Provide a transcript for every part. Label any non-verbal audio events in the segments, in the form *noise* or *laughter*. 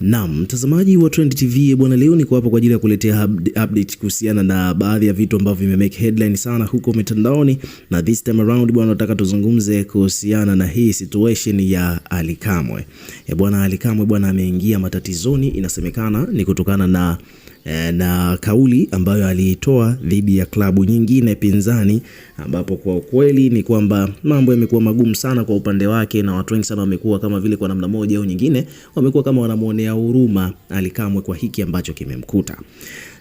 Naam, mtazamaji wa Trend TV bwana, leo niko hapa kwa ajili ya kuletea update kuhusiana na baadhi ya vitu ambavyo vimemake headline sana huko mitandaoni, na this time around bwana, nataka tuzungumze kuhusiana na hii situation ya Alikamwe. Kamwe. E, bwana, Alikamwe Kamwe bwana ameingia matatizoni, inasemekana ni kutokana na Eh, na kauli ambayo aliitoa dhidi ya klabu nyingine pinzani, ambapo kwa ukweli ni kwamba mambo yamekuwa magumu sana kwa upande wake, na watu wengi sana wamekuwa kama vile kwa namna moja au nyingine wamekuwa kama wanamwonea huruma Alikamwe kwa hiki ambacho kimemkuta.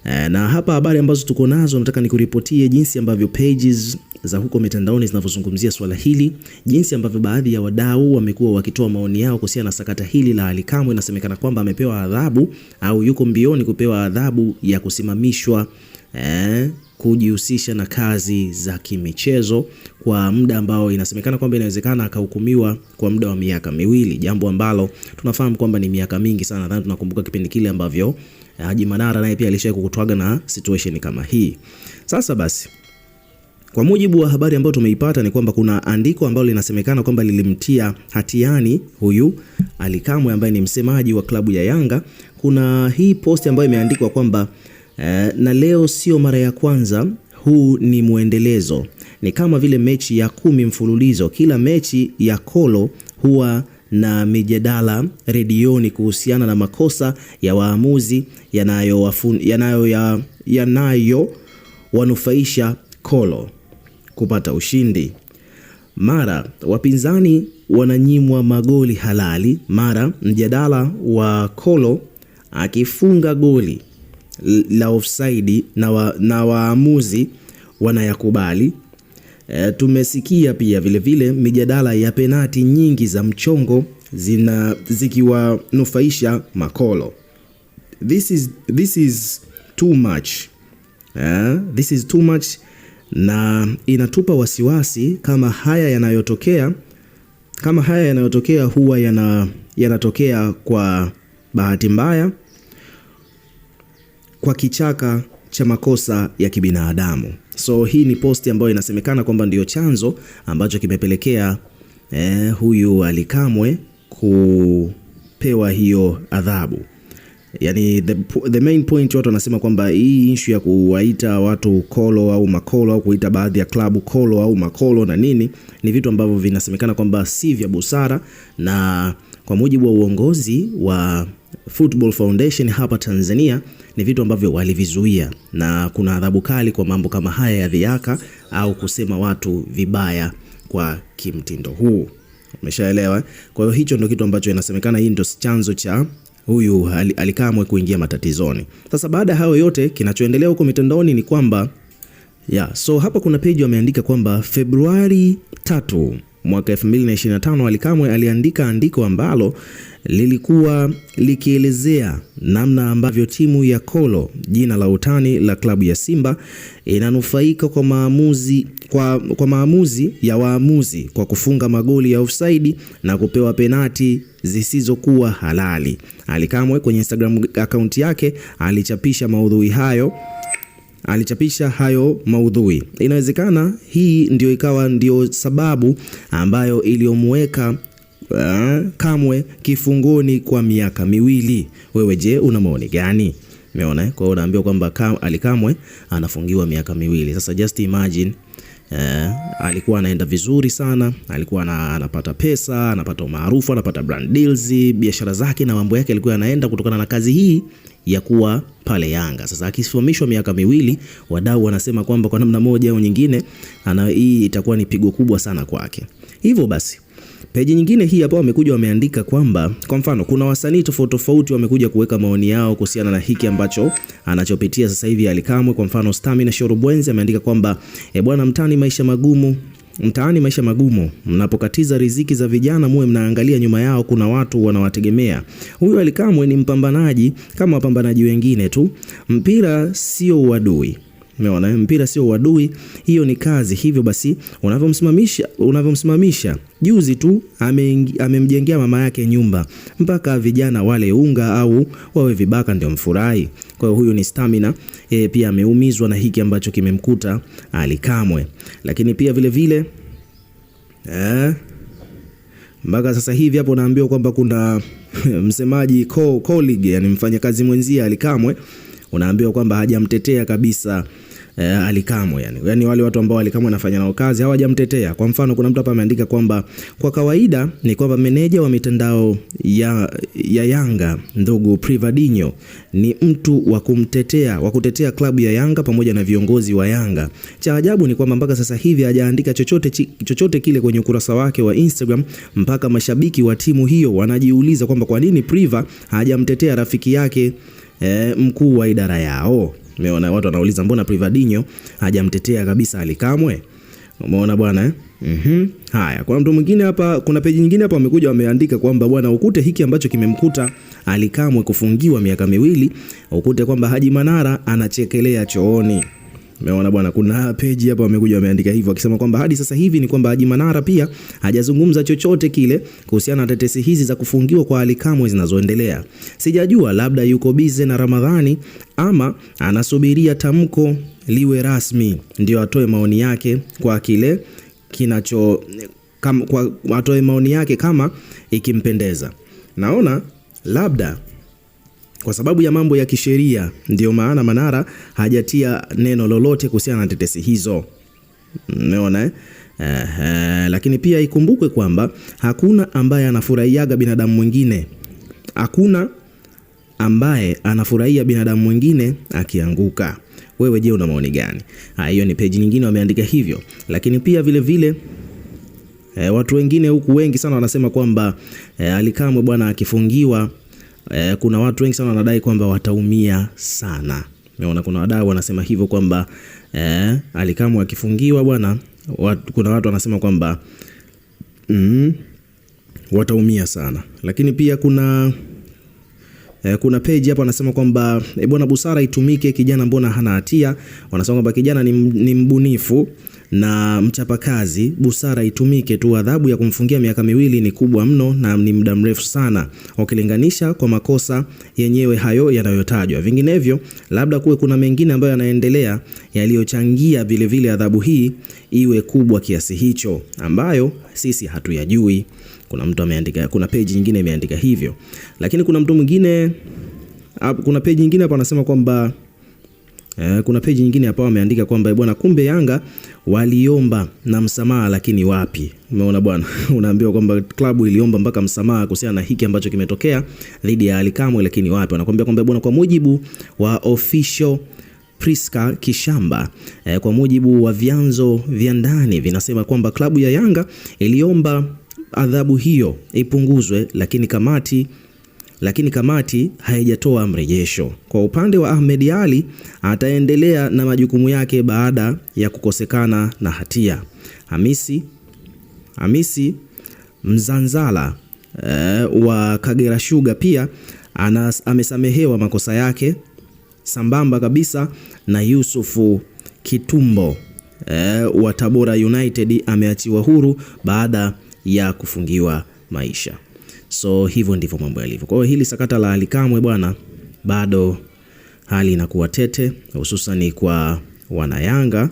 Eh, na hapa habari ambazo tuko nazo nataka nikuripotie jinsi ambavyo pages za huko mitandaoni zinavyozungumzia swala hili, jinsi ambavyo baadhi ya wadau wamekuwa wakitoa maoni yao kuhusiana na sakata hili la Ally Kamwe. Inasemekana kwamba amepewa adhabu au yuko mbioni kupewa adhabu ya kusimamishwa eh, kujihusisha na kazi za kimichezo kwa muda ambao inasemekana kwamba inawezekana akahukumiwa kwa muda wa miaka miwili, jambo ambalo tunafahamu kwamba ni miaka mingi sana. Nadhani tunakumbuka kipindi kile ambavyo eh, Haji Manara naye pia alishawahi kukutwaga na situation kama hii. Sasa basi kwa mujibu wa habari ambayo tumeipata ni kwamba kuna andiko ambalo linasemekana kwamba lilimtia hatiani huyu alikamwe Kamwe ambaye ni msemaji wa klabu ya Yanga. Kuna hii posti ambayo imeandikwa kwamba eh, na leo sio mara ya kwanza, huu ni mwendelezo, ni kama vile mechi ya kumi mfululizo. Kila mechi ya Kolo huwa na mijadala redioni kuhusiana na makosa ya waamuzi yanayo yanayo ya, yanayo wanufaisha Kolo kupata ushindi. Mara wapinzani wananyimwa magoli halali, mara mjadala wa Kolo akifunga goli la ofsaidi na, wa, na waamuzi wanayakubali. E, tumesikia pia vilevile vile, mijadala ya penati nyingi za mchongo zina zikiwanufaisha Makolo. This is, this is too much. Eh, this is too much na inatupa wasiwasi kama haya yanayotokea kama haya yanayotokea huwa yana, yanatokea kwa bahati mbaya kwa kichaka cha makosa ya kibinadamu. So hii ni posti ambayo inasemekana kwamba ndiyo chanzo ambacho kimepelekea eh, huyu Ally Kamwe kupewa hiyo adhabu yani the, the main point watu wanasema kwamba hii issue ya kuwaita watu kolo au makolo au kuita baadhi ya klabu kolo au makolo na nini ni vitu ambavyo vinasemekana kwamba si vya busara, na kwa mujibu wa uongozi wa Football Foundation hapa Tanzania ni vitu ambavyo walivizuia, na kuna adhabu kali kwa mambo kama haya ya dhihaka au kusema watu vibaya kwa kimtindo huu. Umeshaelewa? Eh? Kwa hiyo hicho ndo kitu ambacho inasemekana, hii ndo chanzo cha huyu ali, kuingia matatizoni. Sasa baada ya hayo yote, kinachoendelea huko mitandaoni ni kwamba ya, so hapa kuna page wameandika kwamba Februari tatu mwaka 2025 Alikamwe aliandika andiko ambalo lilikuwa likielezea namna ambavyo timu ya Kolo, jina la utani la klabu ya Simba, inanufaika kwa maamuzi, kwa, kwa maamuzi ya waamuzi kwa kufunga magoli ya ofsaidi na kupewa penati zisizokuwa halali. Alikamwe kwenye Instagram akaunti yake alichapisha maudhui hayo alichapisha hayo maudhui. Inawezekana hii ndio ikawa ndio sababu ambayo iliyomweka uh, eh, Kamwe kifungoni kwa miaka miwili. Wewe je, una maoni gani? Umeona, kwa hiyo unaambiwa kwamba Ali Kamwe anafungiwa miaka miwili. Sasa just imagine Uh, alikuwa anaenda vizuri sana, alikuwa na, anapata pesa, anapata umaarufu, anapata brand deals, biashara zake na mambo yake alikuwa anaenda kutokana na kazi hii ya kuwa pale Yanga. Sasa akisimamishwa miaka miwili, wadau wanasema kwamba kwa namna moja au nyingine ana hii itakuwa ni pigo kubwa sana kwake. Hivyo basi peji nyingine hii hapa wamekuja wameandika kwamba kwa mfano kuna wasanii tofauti tofauti wamekuja kuweka maoni yao kuhusiana na hiki ambacho anachopitia sasa hivi Alikamwe. Kwa mfano Stamina Shorobwenzi ameandika kwamba e, bwana mtani, maisha magumu Mtaani maisha magumu, mnapokatiza riziki za vijana muwe mnaangalia nyuma yao, kuna watu wanawategemea. Huyu Ally Kamwe ni mpambanaji kama wapambanaji wengine tu, mpira sio uadui. Umeona, mpira sio uadui, hiyo ni kazi. Hivyo basi unavyomsimamisha unavyomsimamisha juzi tu amemjengea ame mama yake nyumba, mpaka vijana wale unga au wawe vibaka ndio mfurahi. Kwa hiyo huyu ni Stamina e, pia ameumizwa na hiki ambacho kimemkuta Alikamwe, lakini pia vile vile eh, mpaka sasa hivi hapo naambiwa kwamba kuna *laughs* msemaji co colleague, yani mfanyakazi mwenzia Alikamwe, unaambiwa kwamba hajamtetea kabisa eh, alikamwe yani. Yani wale watu ambao alikamwe anafanya nao kazi hawajamtetea. Kwa mfano kuna mtu hapa ameandika kwamba kwa kawaida ni kwamba meneja wa mitandao ya, ya Yanga ndugu Privadinho ni mtu wa kumtetea wa kutetea klabu ya Yanga pamoja na viongozi wa Yanga. Cha ajabu ni kwamba mpaka sasa hivi hajaandika chochote, chochote kile kwenye ukurasa wake wa Instagram mpaka mashabiki wa timu hiyo wanajiuliza kwamba kwa nini Priva hajamtetea rafiki yake eh, mkuu wa idara yao. Umeona watu wanauliza mbona Privadinho hajamtetea kabisa Alikamwe? Umeona bwana eh? hmm Haya, kuna mtu mwingine hapa, kuna peji nyingine hapa wamekuja wameandika kwamba bwana, ukute hiki ambacho kimemkuta Alikamwe kufungiwa miaka miwili, ukute kwamba Haji Manara anachekelea chooni. Umeona bwana, kuna page hapa wamekuja wameandika hivyo akisema kwamba hadi sasa hivi ni kwamba Haji Manara pia hajazungumza chochote kile kuhusiana na tetesi hizi za kufungiwa kwa Ally Kamwe zinazoendelea. Sijajua labda yuko bize na Ramadhani ama anasubiria tamko liwe rasmi ndio atoe maoni yake kwa kile kinacho kama, kwa atoe maoni yake kama ikimpendeza. Naona labda kwa sababu ya mambo ya kisheria, ndio maana Manara hajatia neno lolote kuhusiana na tetesi hizo. Umeona eh? eh? lakini pia ikumbukwe kwamba hakuna ambaye anafurahiaga binadamu mwingine, hakuna ambaye anafurahia binadamu mwingine akianguka. Wewe je, una maoni gani? Ah, hiyo ni peji nyingine wameandika hivyo, lakini pia vile vile e, watu wengine huku wengi sana wanasema kwamba e, Alikamwe bwana akifungiwa e, kuna watu wengi sana wanadai kwamba wataumia sana. Umeona, kuna wadau wanasema hivyo kwamba e, Alikamwe akifungiwa bwana wat, kuna watu wanasema kwamba mm, wataumia sana, lakini pia kuna Eh, kuna page hapa anasema kwamba eh, bwana, busara itumike, kijana mbona hana hatia? Wanasema kwamba kijana ni, ni mbunifu na mchapakazi, busara itumike tu. Adhabu ya kumfungia miaka miwili ni kubwa mno na ni muda mrefu sana ukilinganisha kwa makosa yenyewe hayo yanayotajwa. Vinginevyo, labda kuwe kuna mengine ambayo yanaendelea yaliyochangia vilevile adhabu hii iwe kubwa kiasi hicho, ambayo sisi hatuyajui. Kuna mtu ameandika, kuna peji nyingine imeandika hivyo, lakini kuna mtu mwingine, kuna peji nyingine hapa anasema kwamba Eh, kuna peji nyingine hapa wameandika kwamba eh, bwana, kumbe Yanga waliomba na msamaha lakini wapi? Umeona bwana, *laughs* unaambiwa kwamba klabu iliomba mpaka msamaha kuhusiana na hiki ambacho kimetokea dhidi ya Alikamwe, lakini wapi? Wanakuambia kwamba bwana, kwa mujibu wa official Priska Kishamba eh, kwa mujibu wa vyanzo vya ndani vinasema kwamba klabu ya Yanga iliomba adhabu hiyo ipunguzwe, lakini kamati lakini kamati haijatoa mrejesho. Kwa upande wa Ahmed ali ataendelea na majukumu yake baada ya kukosekana na hatia. Hamisi, Hamisi Mzanzala uh, wa Kagera Sugar pia anas, amesamehewa makosa yake sambamba kabisa na Yusufu Kitumbo uh, wa Tabora United ameachiwa huru baada ya kufungiwa maisha. So hivyo ndivyo mambo yalivyo. Kwa hiyo hili sakata la Alikamwe bwana, bado hali inakuwa tete, hususan kwa wanayanga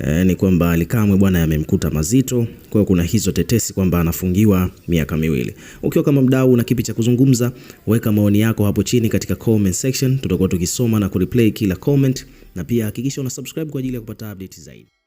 e, ni kwamba Alikamwe bwana yamemkuta mazito. Kwa hiyo kuna hizo tetesi kwamba anafungiwa miaka miwili. Ukiwa kama mdau una kipi cha kuzungumza, weka maoni yako hapo chini katika comment section, tutakuwa tukisoma na kureplay kila comment, na pia hakikisha una subscribe kwa ajili ya kupata update zaidi.